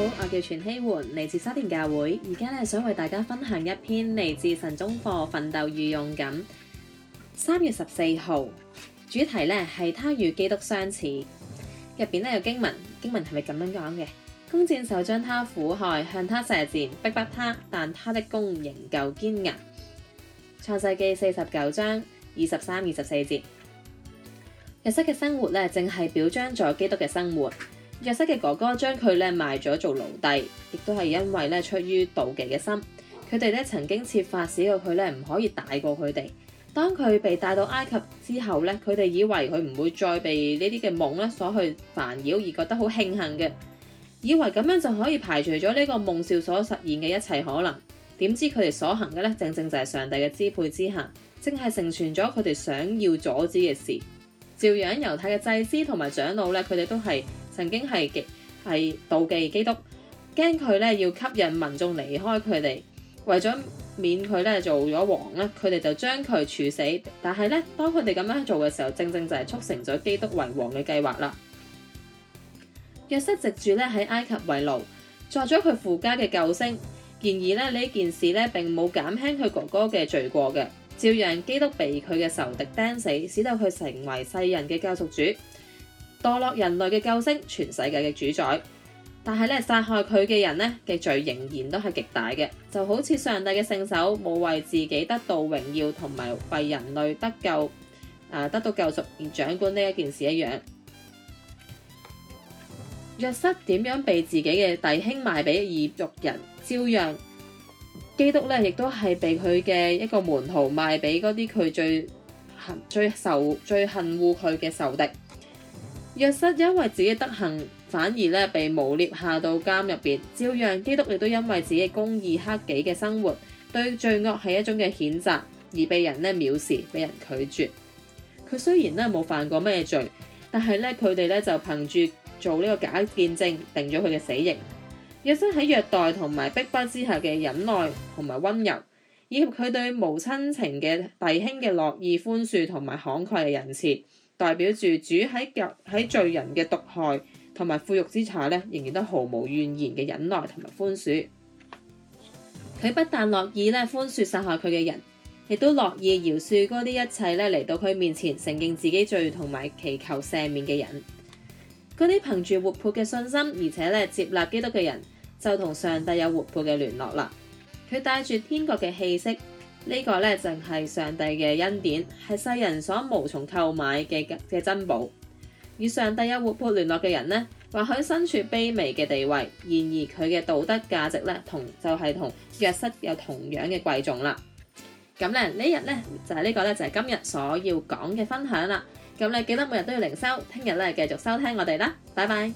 好，我叫全希煥，嚟自沙田教會。而家咧想為大家分享一篇嚟自神宗課《奮鬥與勇敢》。三月十四號，主題咧係他與基督相似。入邊咧有經文，經文係咪咁樣講嘅？弓箭手將他苦害，向他射箭，逼迫他，但他的弓仍舊堅硬。創世記四十九章二十三、二十四節。日式嘅生活咧，正係表彰咗基督嘅生活。約瑟嘅哥哥將佢咧賣咗做奴隸，亦都係因為咧出於妒忌嘅心。佢哋咧曾經設法使到佢咧唔可以大過佢哋。當佢被帶到埃及之後咧，佢哋以為佢唔會再被呢啲嘅夢咧所去煩擾，而覺得好慶幸嘅，以為咁樣就可以排除咗呢個夢兆所實現嘅一切可能。點知佢哋所行嘅咧，正正就係上帝嘅支配之下，正係成全咗佢哋想要阻止嘅事，照樣猶太嘅祭司同埋長老咧，佢哋都係。曾經係極係妒忌基督，驚佢咧要吸引民眾離開佢哋，為咗免佢咧做咗王咧，佢哋就將佢處死。但係咧，當佢哋咁樣做嘅時候，正正就係促成咗基督為王嘅計劃啦。 約瑟藉住咧喺埃及為奴，作咗佢父家嘅救星。然而咧呢件事咧並冇減輕佢哥哥嘅罪過嘅，照樣基督被佢嘅仇敵釘死，使到佢成為世人嘅救贖主。墮落人類嘅救星，全世界嘅主宰，但係咧殺害佢嘅人呢，嘅罪仍然都係極大嘅，就好似上帝嘅聖手冇為自己得到榮耀，同埋為人類得救啊，得到救贖而掌管呢一件事一樣。約瑟點樣被自己嘅弟兄賣俾異族人，照樣基督呢，亦都係被佢嘅一個門徒賣俾嗰啲佢最恨、最仇、最恨污佢嘅仇敵。約瑟，因為自己德行，反而咧被誣衊下到監入邊。照樣，基督亦都因為自己公義、克己嘅生活，對罪惡係一種嘅譴責，而被人咧藐視，視，被人拒絕。佢雖然咧冇犯過咩罪，但係咧佢哋咧就憑住做呢個假見證，定咗佢嘅死刑。約瑟喺虐待同埋逼迫之下嘅忍耐同埋溫柔，以及佢對無親情嘅弟兄嘅樂意寬恕同埋慷慨嘅仁慈。代表住主喺腳喺罪人嘅毒害同埋侮辱之下咧，仍然都毫無怨言嘅忍耐同埋寬恕。佢不但樂意咧寬恕殺害佢嘅人，亦都樂意饒恕嗰啲一切咧嚟到佢面前承認自己罪同埋祈求赦免嘅人。嗰啲憑住活潑嘅信心，而且咧接納基督嘅人，就同上帝有活潑嘅聯絡啦。佢帶住天國嘅氣息，個呢個咧淨係上帝嘅恩典，係世人所無從購買嘅嘅珍寶。與上帝有活潑聯絡嘅人呢，或許身處卑微嘅地位，然而佢嘅道德價值呢，同就係、是、同約瑟有同樣嘅貴重啦。咁咧呢日呢，就係、是、呢個呢，就係、是、今日所要講嘅分享啦。咁你記得每日都要靈修，聽日呢，繼續收聽我哋啦，拜拜。